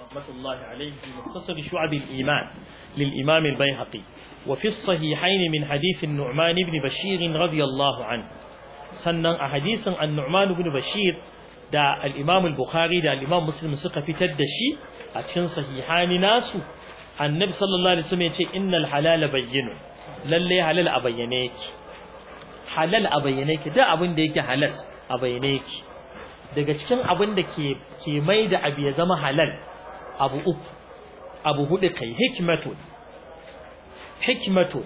رحمة الله عليه في مختصر شعب الإيمان للإمام البيهقي وفي الصحيحين من حديث النعمان بن بشير رضي الله عنه sannan a hadisin annu'man ibn bashir da al-imam al-bukhari da al-imam muslim suka fitar da shi a cikin sahihani nasu annabi sallallahu alaihi wasallam yace innal halala bayyinun lalle halal a bayyane yake halal a bayyane yake duk abin da yake halal a bayyane yake daga cikin abin da ke ke mai da abu ya zama halal abu uku abu hudu kai hikmatun hikmatun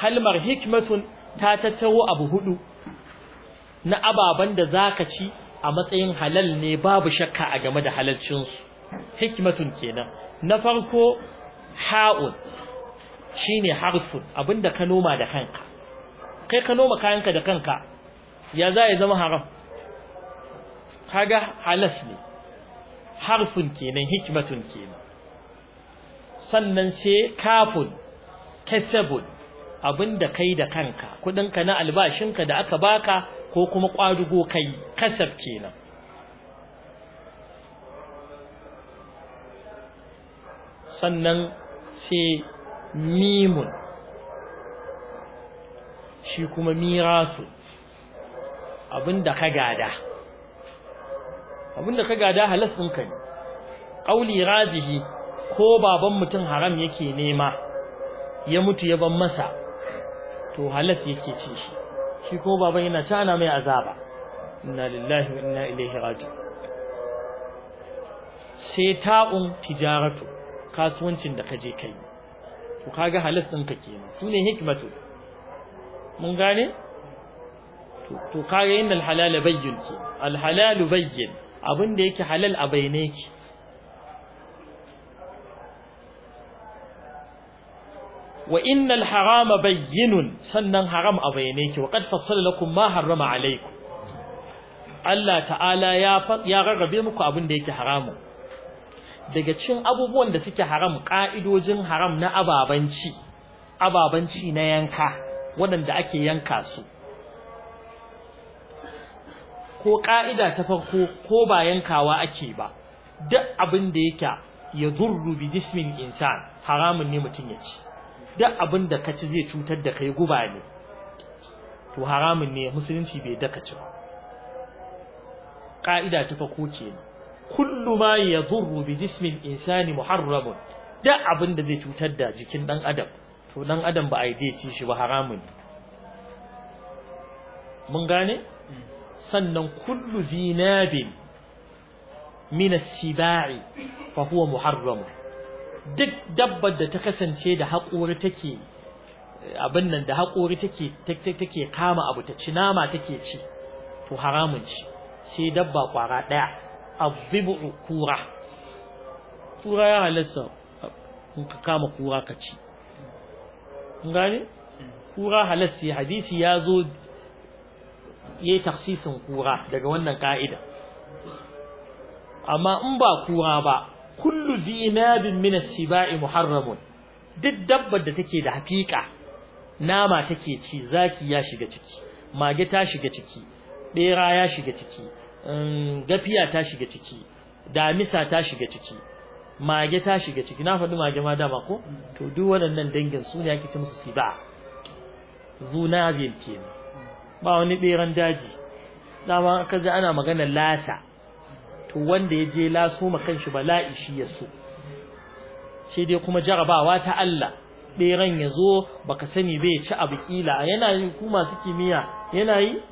kalmar hikmatun ta tattaro abu hudu na ababen da zaka ci a matsayin halal ne babu shakka a game da halalcin su hikmatun kenan na farko ha'un shine harfun abinda ka noma da kanka kai ka noma kayanka da kanka ya za ya zama haram kaga halas ne harfun kenan hikmatun kenan sannan sai kafun kasabun abinda kai da kanka kudinka na albashinka da aka baka ko kuma kwadugo kai kasab kenan sannan sai mimun shi kuma mirasu abinda ka gada abinda ka gada halas din ka ne qauli rajihi ko baban mutum haram yake nema ya mutu ya ban masa to halas yake ci shi shi ko baban yana cana mai azaba inna lillahi wa inna ilaihi raji sai ta'un tijaratu kasuwancin da kaje kai to kaga halas din ka kenan sune hikmatu mun gane to kaga inda alhalal bayyin ke alhalal bayyin abin da yake halal a bayyane ki wa innal harama bayyinun sannan haram a bayyane ki wa qad fassala lakum ma harrama alaykum Allah ta'ala ya ya rarrabe muku abin da yake haramu daga cikin abubuwan da suke haram ka'idojin haram na ababanci ababanci na yanka waɗanda ake yanka su Ko ƙa'ida ta farko ko ba yankawa ake ba duk abin da yake ya zurru bi jismin insan haramun ne mutum ya ci duk abin da ka ci zai cutar da kai guba ne to haramun ne musulunci bai daka ci ba ƙa'ida ta farko kenan kullu ma zurru bi jismin insani muharramun, duk abin da zai cutar da jikin dan adam to dan adam ba a yi ci shi ba haramun ne. mun gane mm. sannan kullu zinabin min as-sibai fa huwa muharram duk dabbar da ta kasance da haƙori take abin nan da haƙori take take kama abu ta ci nama take ci to haramun ci sai dabba kwara daya azibu kura kura ya halasa in ka kama kura ka ci kun kura halasta hadisi ya zo Yi taksisin kura daga wannan ka'ida amma in ba kura ba kullu zinabin bin minasi ba'i muharramun duk dabbar da take da haƙiƙa nama take ci zaki ya shiga ciki mage ta shiga ciki ɗera ya shiga ciki um, gafiya ta shiga ciki damisa ta shiga ciki mage ta shiga ciki na faɗi mage ma dama ko to duk waɗannan dangin su ne ake ci musu siba zunabin kenan ba wani beran daji dama aka ji ana magana lasa to wanda ya je laso ma kanshi bala'i shi ya so sai dai kuma jarabawa ta Allah beran ya zo baka sani bai ci abu kila yana yi ku masu kimiyya yana yi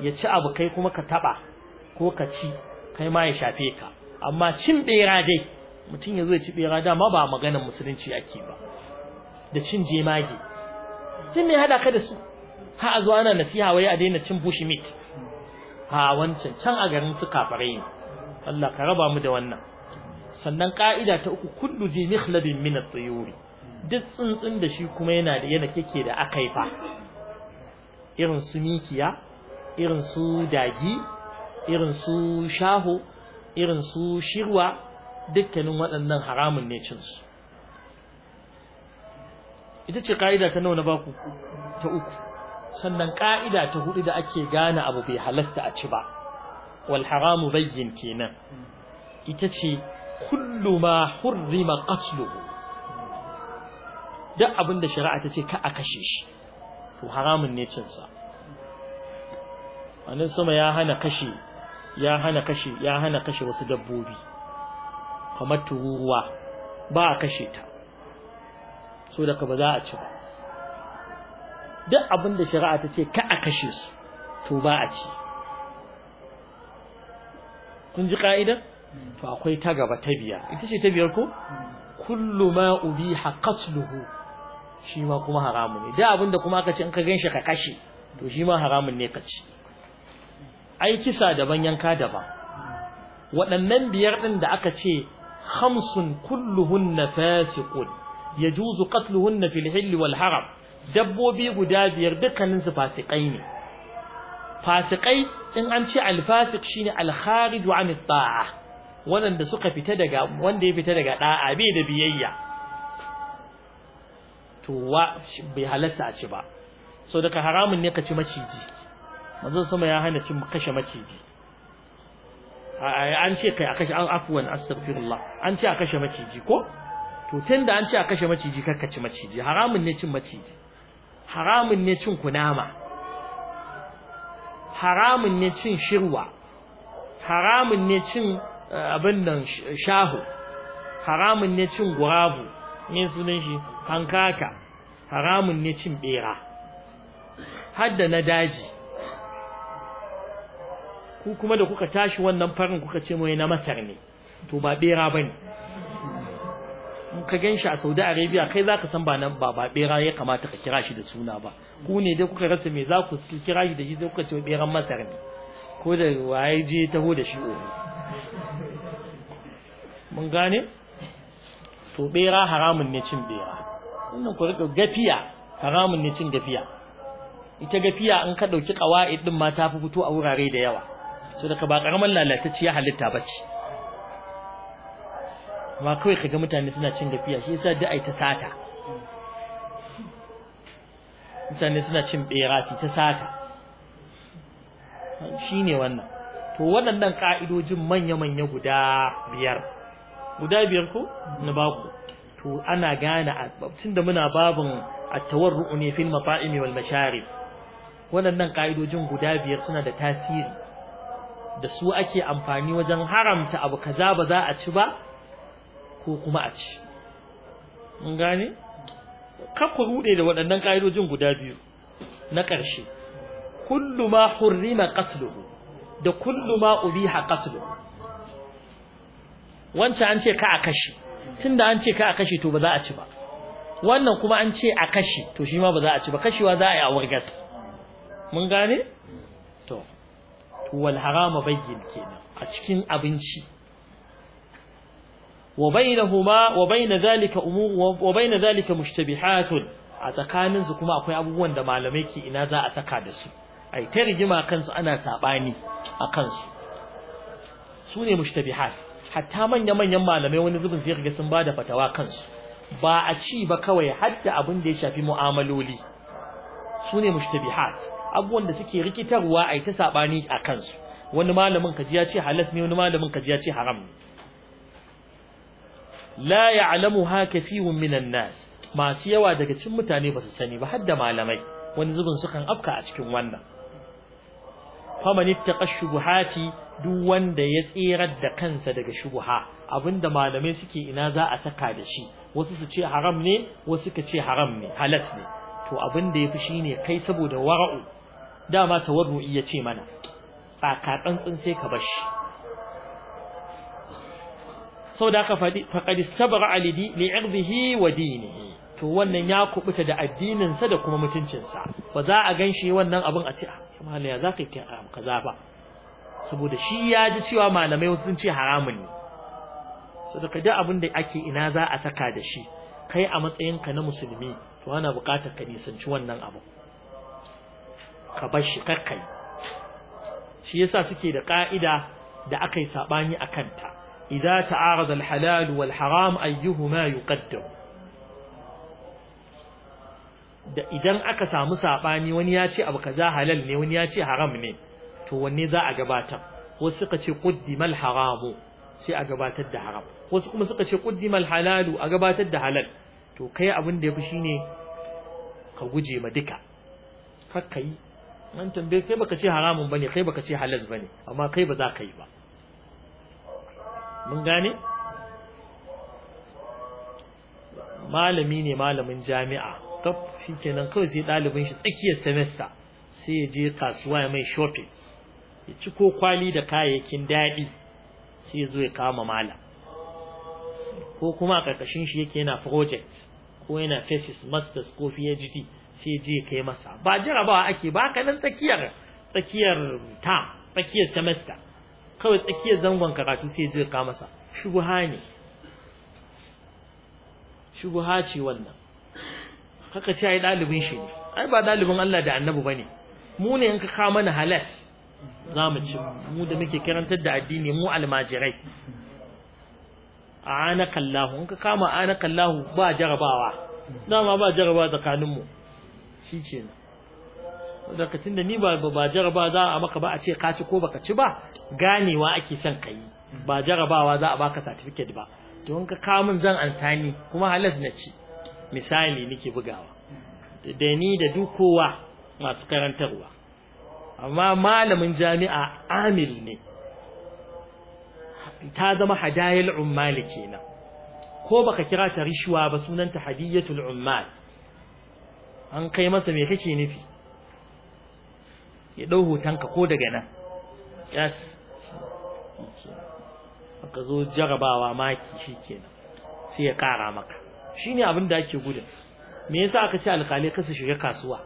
ya ci abu kai kuma ka taba ko ka ci kai ma ya shafe ka amma cin bera dai mutum ya zo ya ci bera dama ba maganar musulunci ake ba da cin jemage tun ne hada ka da su har a zo ana nasiha wai a daina cin bushi meat ha wancan can a garin su kafarai ne Allah ka raba mu da wannan sannan ka'ida ta uku kullu zi mikhlabin min at-tuyuri duk tsuntsun da shi kuma yana da yana kike da fa. irin su mikiya irin su dagi irin su shaho irin su shirwa dukkanin waɗannan haramun ne cin su ita ce ka'ida ta nawa na baku ta uku sannan ka'ida ta hudu da ake gane abu bai halasta a ci ba wal haramu bayyin kenan ita ce kullu ma hurrima qatluhu duk abin da shari'a ta ce ka a kashe shi to haramun ne cin sa anan sama ya hana kashe ya hana kashe ya hana kashe wasu dabbobi kamar tururuwa ba a kashe ta so da ba za a ci ba duk abin da shari'a ta ce ka a kashe su to ba a ci kun ji ka'ida to akwai ta gaba ta biya ita ce ta biyar ko kullu ma ubiha qatluhu shi ma kuma haramun ne duk abin da kuma aka ce in ka ganshi ka kashe to shi ma haramun ne ka ci ai kisa daban yanka daban waɗannan biyar ɗin da aka ce khamsun kulluhunna fasiqun yajuzu qatluhunna fil hilli wal haram dabbobi guda biyar dukkanin su fasikai ne fasikai in an ce alfasik shine alkharij an ta'a wanda suka fita daga wanda ya fita daga da'a bai da biyayya to wa bai halatta a ci ba so daga haramun ne ka ci maciji manzon sama ya hana cin kashe maciji an ce kai a kashe afwan astaghfirullah an ce a kashe maciji ko to tunda an ce a kashe maciji karka ci maciji haramun ne cin maciji haramun ne cin kunama haramun ne cin shirwa haramun ne cin eh, abin nan shahu haramun ne cin gurabu ne sunan shi hankaka haramun ne cin bera hadda na daji ku kuma da kuka tashi wannan farin kuka ce mai na masar ne to ba bera bane in ka gan shi a Saudi Arabia kai za ka san ba nan ba ba bera ya kamata ka kira shi da suna ba ku ne dai kuka rasa me za ku kira shi da shi kuka ce beran Masar ne ko da waye je taho da shi oho mun gane to bera haramun ne cin bera wannan ku rika gafiya haramun ne cin gafiya ita gafiya in ka dauki qawaid din ma ta fi fito a wurare da yawa saboda ka ba karaman lalatacciya halitta bace ba kawai kaga mutane suna cin gafiya shi yasa da'ai ta sata mutane suna cin berati ta sata shine wannan to waɗannan ka'idojin manya-manya guda biyar guda biyar ko na baku to ana gane tunda muna babin at-tawarru'u ne fil mafa'imi wal masharib waɗannan ka'idojin guda biyar suna da tasiri da su ake amfani wajen haramta abu kaza ba za a ci ba ko kuma a ci mun gane kafa rude da waɗannan ƙa'idojin guda biyu na ƙarshe kullu ma hurrima qasluhu da kullu ma ubiha qasluhu wancan an ce ka a Tun tunda an ce ka a kashe to ba za a ci ba wannan kuma an ce a kashe to shi ma ba za a ci ba kashewa za a yi a wargas mun gane to wal harama bayyin kenan a cikin abinci وبينهما وبين ذلك أمور وبين ذلك مشتبهات a tsakanin kuma akwai abubuwan da malamai ke ina za a saka da su ai ta rigima kansu ana sabani a kansu su ne mushtabihat hatta manya manyan malamai wani zubin sai kaga sun bada fatawa kansu ba a ci ba kawai hatta abin da ya shafi mu'amaloli su ne mushtabihat abubuwan da suke rikitarwa ai ta sabani a kansu wani malamin kaji ya ce halas ne wani malamin kaji ya ce haram ne la ya'lamuha kathirun minan nas masu yawa daga cikin mutane ba su sani ba har da malamai wani zubin sukan afka a cikin wannan faman ittaqa shubuhati duk wanda ya tsirar da kansa daga shubuha abinda malamai suke ina za a saka da shi wasu su ce haram ne wasu ka ce haram ne halas ne to abinda yafi shine kai saboda wara'u dama tawarru'i ya ce mana tsaka tsantsin sai ka bar shi saboda haka faqad istabra alidi li'irdihi wa dinihi to wannan ya kubuta da addinin sa da kuma mutuncin sa ba za a ganshi wannan abin a ce ah za ka kai kaza ba saboda shi ya ji cewa malamai sun ce haramun ne saboda duk abin da ake ina za a saka da shi kai a matsayin ka na musulmi to ana buƙatar ka nisanci wannan abu ka bar shi kakkai shi yasa suke da ka'ida da aka yi sabani a kanta إذا تعارض الحلال والحرام أيهما يقدم idan aka samu sabani wani ya ce abu kaza halal ne wani ya ce haram ne to wanne za a gabatar wasu suka ce quddimal haramu sai a gabatar da haram wasu kuma suka ce quddimal halalu a gabatar da halal to kai abin da yafi shine ka guje ma duka kakkai an tambaye kai baka ce haramun bane kai baka ce halal bane amma kai ba za ka yi ba mun gane malami ne malamin jami'a tab shikenan kawai sai dalibin shi tsakiyar semester sai ya je kasuwa mai shopping ya ci ko kwali da kayayyakin daɗi sai ya zo ya kama malam ko kuma a ƙarƙashin shi yake yana project ko yana thesis masters ko PhD sai je kai masa ba jarabawa ake ba ka nan tsakiyar tsakiyar term tsakiyar semester kawai tsakiyar zangon karatu sai zai ka masa shubuha ne shubuha ce wannan Haka ce ai dalibin shi ne ai ba dalibin Allah da Annabi bane mu ne in ka ka mana halas zamu ci mu da muke karantar da addini mu almajirai ana kallahu in ka kama ana kallahu ba jarabawa dama ba jarabawa tsakanin mu kenan lokacin da ni ba ba jaraba za a maka ba a ce ka ci ko baka ci ba ganewa ake son ka ba jarabawa za a baka certificate ba to in ka kawo min zan antani kuma halas na ci misali nake bugawa da ni da duk kowa masu karantarwa amma malamin jami'a amil ne ta zama hadayil ummal kenan ko baka kira ta rishwa ba sunanta hadiyatul ummal an kai masa me kake nufi ya ɗau hoton ko daga nan yes aka zo jarabawa maki shi shikenan sai ya ƙara maka shine abin da ake gudun me yasa aka ce alkali kasa shiga kasuwa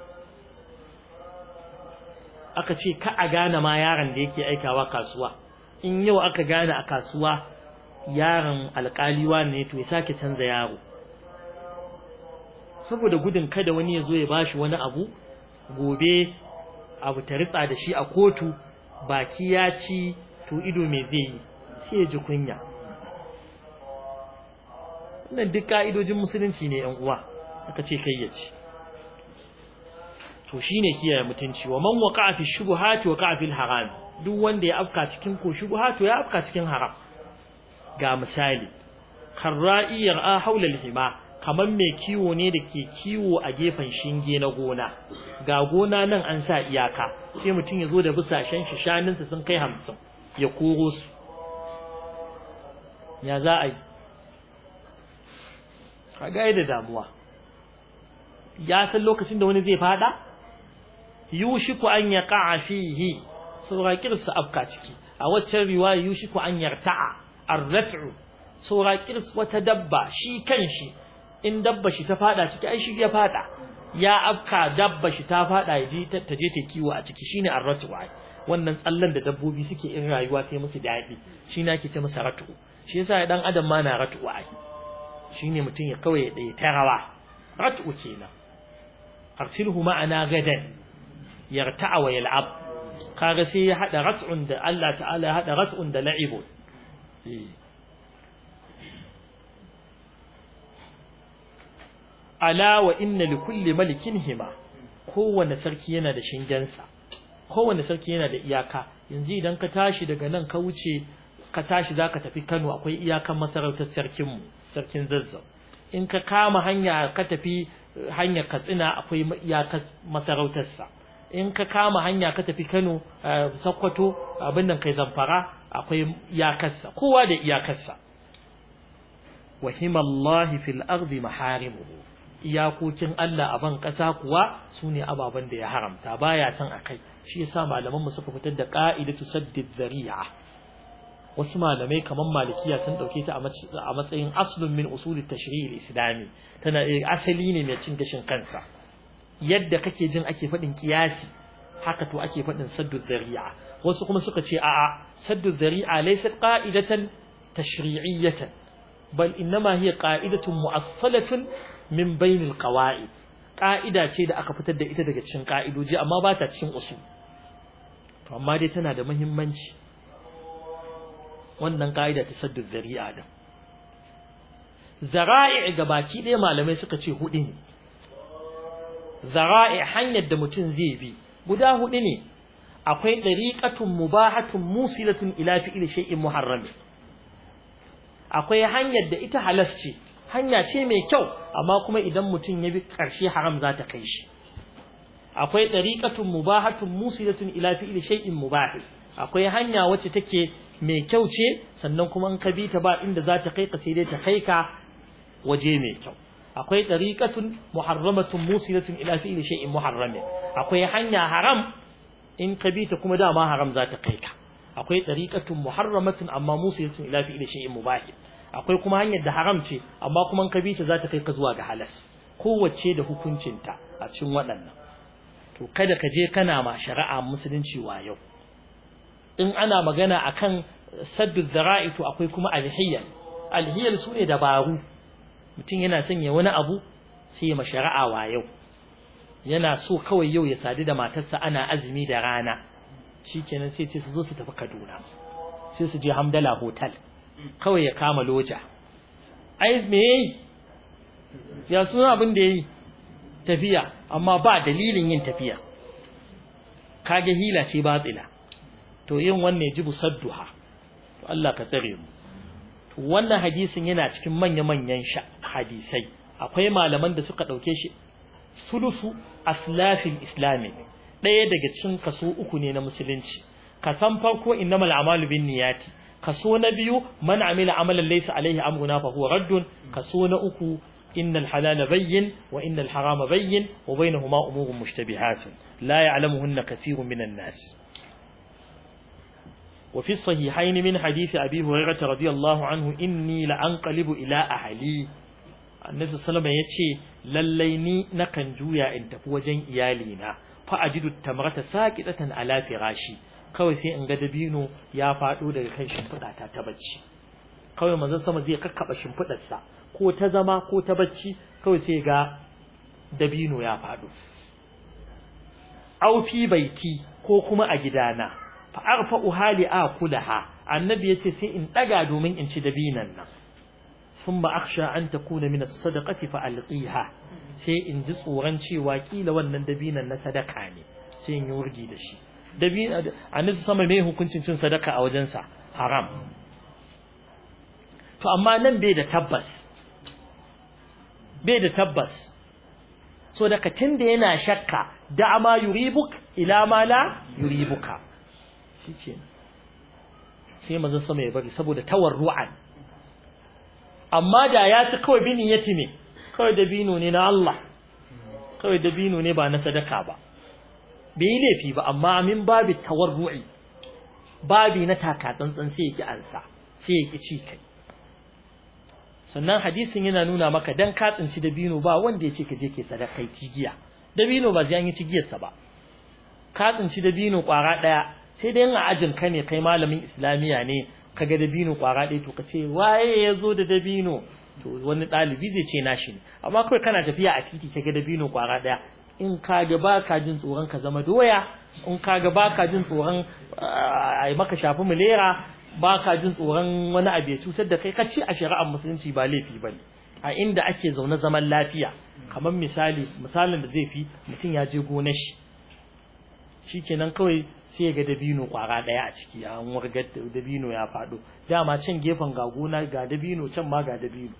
aka ce ka a gane ma yaron da yake aikawa kasuwa in yau aka gane a kasuwa yaron alkali ne to ya sake canza yaro saboda gudun kada wani ya zo ya bashi wani abu gobe abu ta ritsa da shi a kotu baki ya ci to ido mai zai yi sai ya ji kunya wannan duk ka'idojin musulunci ne yan uwa aka ce kai ya ci to shine kiyaye mutunci wa man waqa fi shubuhati waqa'a fil haram duk wanda ya afka cikin ko shubuhatu ya afka cikin haram ga misali karra'iyar a haula al-hima kamar mai kiwo ne da ke kiwo a gefen shinge na gona ga gona nan an sa iyaka sai mutum ya zo da busashen shi shaninsa sun kai hamsin ya koro su ya za a yi a gaya da damuwa ya san lokacin da wani zai fada yushiku an ya ka'a fihi saurakir su afka ciki a waccan riwaya yushiku an yarta'a arrat'u saurakir wata dabba shi kan shi in dabba shi ta fada ciki ai shi ya fada ya afka dabba shi ta fada ji ta je ta kiwo a ciki shine arratu ai wannan tsallan da dabbobi suke in rayuwa sai musu daɗi shi na ke ce masa ratu shi yasa dan adam ma na ratu ai shine mutum ya kawai da ta rawa ratu kenan arsilhu ma'ana gadan yarta'a wa yal'ab kaga sai ya hada rat'un da Allah ta'ala ya hada rat'un da la'ibun eh. ala wa inna li kulli malikin hima kowanne sarki yana da shingensa kowanne sarki yana da iyaka yanzu idan ka tashi daga nan ka wuce ka tashi zaka tafi Kano akwai iyakan masarautar sarkin mu sarkin Zazzau in ka kama hanya ka tafi eh, hanyar Katsina akwai iyakar masarautarsa in ka kama hanya ka tafi Kano eh, Sokoto abin nan kai Zamfara akwai iyakarsa kowa da iyakarsa wahimallahi fil ardi maharimuhu iyakokin Allah a ban ƙasa kuwa su ne ababen da ya haramta baya son a kai shi ya malaman mu suka fitar da qa'idatu saddid zari'a wasu malamai kamar malikiya sun ɗauke ta a matsayin aslun min usulit tashri'il islami tana eh, asali ne mai cin gashin kansa yadda kake jin ake faɗin kiyasi haka to ake faɗin saddud zari'a wasu kuma suka ce a'a saddud zari'a laysat qa'idatan tashri'iyatan bal innama hiya qa'idatun mu'assalatun min bainil qawaid ka'ida ce da aka fitar da ita daga cikin ka'idoji amma ba ta cikin usul to amma dai tana da muhimmanci wannan ka'ida ta saddu zari'a da. zara'i ga baki ɗaya malamai suka ce hudu ne zara'i hanyar da mutum zai bi guda hudu ne akwai dariqatun mubahatun musilatun ila fi'li shay'in muharram akwai hanyar da ita halasci hanya ce mai kyau amma kuma idan mutum ya bi ƙarshe haram za ta kai shi akwai ɗariƙatun mubahatun musilatun ila fi'il shay'in mubahi akwai hanya wacce take mai kyau ce sannan kuma in ka bi ta ba inda za ta kai ka sai dai ta kai ka waje mai kyau akwai ɗariƙatun muharramatun musilatun ila fi'il shay'in muharrami akwai hanya haram in ka bi ta kuma dama haram za ta kai ka akwai ɗariƙatun muharramatun amma musilatun ila fi'il shay'in mubahi akwai kuma hanyar da haram ce amma kuma ka bi ta za ta kai ka zuwa ga halas kowace da hukuncinta a cikin waɗannan to kada ka je kana ma shari'a musulunci wa yau in ana magana akan saddu zara'i to akwai kuma Alhiyar su ne dabaru mutum yana sanya wani abu sai ya mashari'a wa yau yana so kawai yau ya sadu da matarsa ana azumi da rana shikenan sai ce su zo su tafi Kaduna sai su je Hamdala hotel kawai ya kama loja ai me ya suna abin da ya yi. tafiya amma ba dalilin yin tafiya kage hila ce tsila to yin wannan ya jibu sadduha to Allah ka tsare mu wannan hadisin yana cikin manya-manyan hadisai akwai malaman da suka ɗauke shi sulusu aslafin islami ɗaya daga cikin kaso uku ne na musulunci Ka san farko innamal a'malu bin niyati kaso na biyu man amila amalan laysa alayhi amruna fa huwa kaso na uku innal halala bayyin wa innal harama bayyin wa bainahuma umurun mushtabihatun la ya'lamuhunna kathirun minan nas wa fi sahihayn min hadith abi hurairah radiyallahu anhu inni la anqalibu ila ahli annabi sallama yace lallai ni nakan juya in tafi wajen iyalina fa ajidu tamrata saqitatan ala firashi kawai sai in ga dabino ya faɗo daga kan shimfida ta ta bacci kawai manzon sama zai kakkaɓa sa ko ta zama ko ta bacci kawai sai ga dabino ya faɗo aufi baiti ko kuma a gidana fa uhali hali kulaha, annabi yace sai in daga domin in ci dabinan nan thumma akhsha an takuna min as-sadaqati fa alqiha sai in ji tsoron cewa kila wannan dabinan na sadaka ne sai in yi wurgi da shi dabi annabi sama me hukuncin cin sadaka a wajensa haram to amma nan bai da tabbas bai da tabbas so daga tun da yana shakka da ma yuribuk ila ma la yuribuka shikenan sai manzo sama ya bari saboda tawarru'an amma da ya ci kawai binin yatime kawai dabino ne na Allah kawai dabino ne ba na sadaka ba bai yi laifi ba amma min babi tawarru'i babi na taka tsantsan sai yake ansa sai yake ci kai sannan hadisin yana nuna maka dan ka tsinci dabino ba wanda ya ce ka je ke giya da dabino ba zai an yi sa ba ka tsinci dabino kwara daya sai dai a ajin ka ne kai malamin islamiya ne kaga dabino kwara daya to ka ce waye ya zo da dabino to wani ɗalibi zai ce nashi ne amma kawai kana tafiya a titi kaga dabino kwara daya in kaga ba jin tsoron ka zama doya in kaga ba jin tsoron a ah, maka shafi mulera ba ka jin tsoron wani abu ya cutar da kai kaci a shari'ar musulunci ba laifi bane a inda ake zaune zaman lafiya kamar misali misalin da zai fi mutum ya je gonar shi shi kenan kawai sai ga dabino kwara daya a ciki a wargar dabino ya fado dama can gefen ga gona ga dabino can ma ga dabino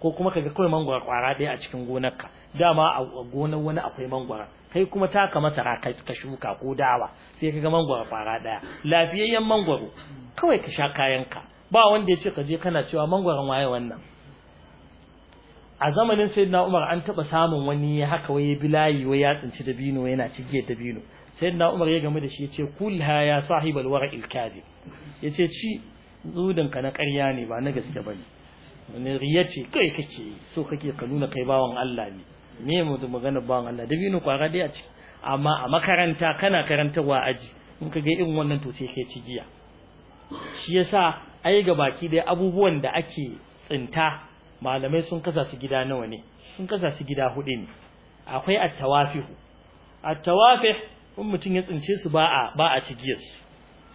ko kuma kaga kawai mangwara kwara ɗaya a cikin gonarka dama a gonar wani akwai mangwara kai kuma taka masara ka shuka ko dawa sai ka ga mangwara fara daya lafiyayyen mangwaro kawai ka sha kayanka ba wanda ya ce ka je kana cewa mangwaron waye wannan a zamanin sayyidina Umar an taba samun wani haka waye bilayi waye ya tsinci dabino yana cige dabino sayyidina Umar ya game da shi yace ha ya sahibal wara'il kadhib yace ci zudinka na ƙarya ne ba na gaske bane wani riya ce kai kake so kake ka nuna kai bawan Allah ne Ne mu da magana ban Allah da binu kwara dai a ci amma a makaranta kana karantarwa aji in ka ga irin wannan to sai kai cigiya shi yasa ai ga baki dai abubuwan da ake tsinta malamai sun kasa su gida nawa ne sun kasa su gida hudu ne akwai at tawafih at-tawafih in mutum ya tsince su ba a ba a cigiyar su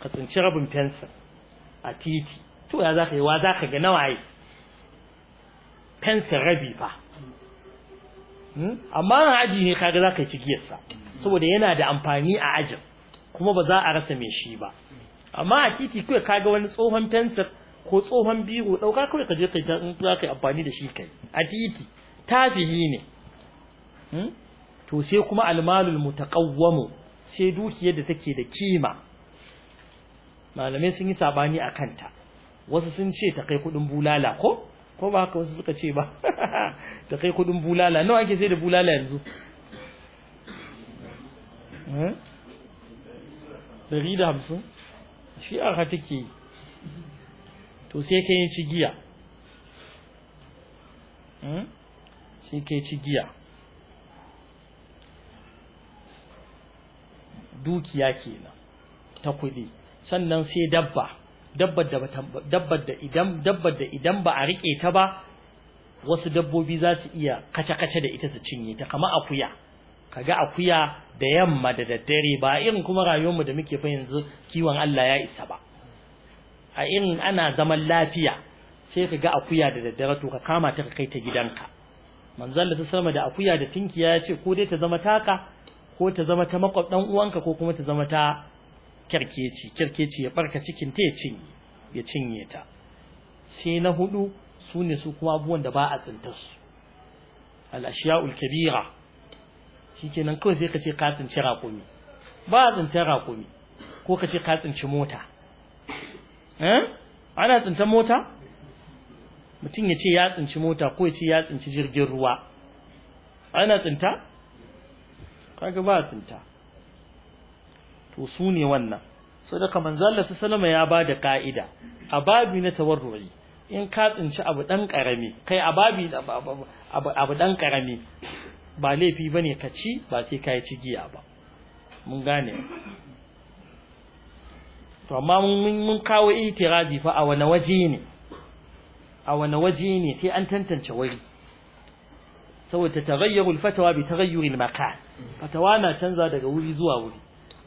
ka tsinci rabin fensir a titi to ya zaka yi wa zaka ga ai fensir rabi fa Hmm? amma aji ne kaga zaka ci giyarsa saboda yana da amfani a ajin kuma ba za a rasa mai shi ba amma a titi kawai kaga wani tsohon fensir ko tsohon biro ɗauka, kawai ka je kai ta in za ka yi amfani da shi kai a titi tafihi ne hmm? to sai kuma almalul mutaqawwamu sai dukiyar da take da kima malamai sun yi sabani a kanta wasu sun ce ta kai kuɗin bulala ko ko ba haka wasu suka ce ba ta kai kudin bulala nawa ake sai da bulala yanzu dari eh? da hamsin shi arha take to sai ka yi ci giya eh? sai ka yi ci giya dukiya kenan ta kuɗi sannan sai dabba dabbar da idan ba a rike ta ba wasu dabbobi za su iya kace-kace da ita su cinye ta kama akuya kaga akuya da yamma da daddare ba irin kuma rayuwarmu da muke fa yanzu kiwon Allah ya isa ba a irin ana zaman lafiya sai ka ga akuya da daddare to ka kama ta ka kai ta gidanka manzon da sama da akuya da tinkiya ya ce ko dai ta zama taka ko ta zama ta makwabdan uwanka ko kuma ta zama ta kyarkeci kyarkeci ya barka cikin ta ya cinye ya cinye ta sai na hudu sune su kuma abubuwan da ba a tsinta su al-ashiya'ul kabira shikenan kawai sai ka ce ka tsinci raƙumi ba a tsinta raƙumi ko ka ce ka tsinci mota eh ana tsinta mota mutum ya ce ya tsinci mota ko ya ce ya tsinci jirgin ruwa ana tsinta kaga ba tsinta to su ne wannan so daga zalla su salama ya ba da ka'ida a babi na tawarru'i in ka tsinci abu dan karami kai a babi abu dan karami ba laifi bane ka ci ba sai ka yi cigiya ba mun gane to amma mun mun kawo itirazi fa a wani waje ne a wani waje ne sai an tantance wuri saboda tagayyaru fatawa bi tagayyuri makan fatawa na canza daga wuri zuwa wuri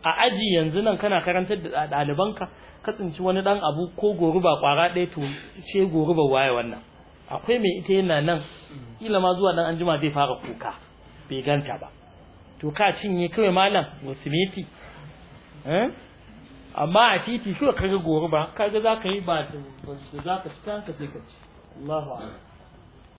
a aji yanzu nan kana karantar da ɗalibanka ka tsinci wani ɗan abu ko goruba ƙwara ɗaya to ce goruba waye wannan akwai mai ita yana nan kila zuwa ɗan anjima zai fara kuka bai ganta ba to ka cinye kawai malam wasimiti eh? amma a titi kawai kaga goruba kaga za ka yi ba za ka ci ka je ka ci Allahu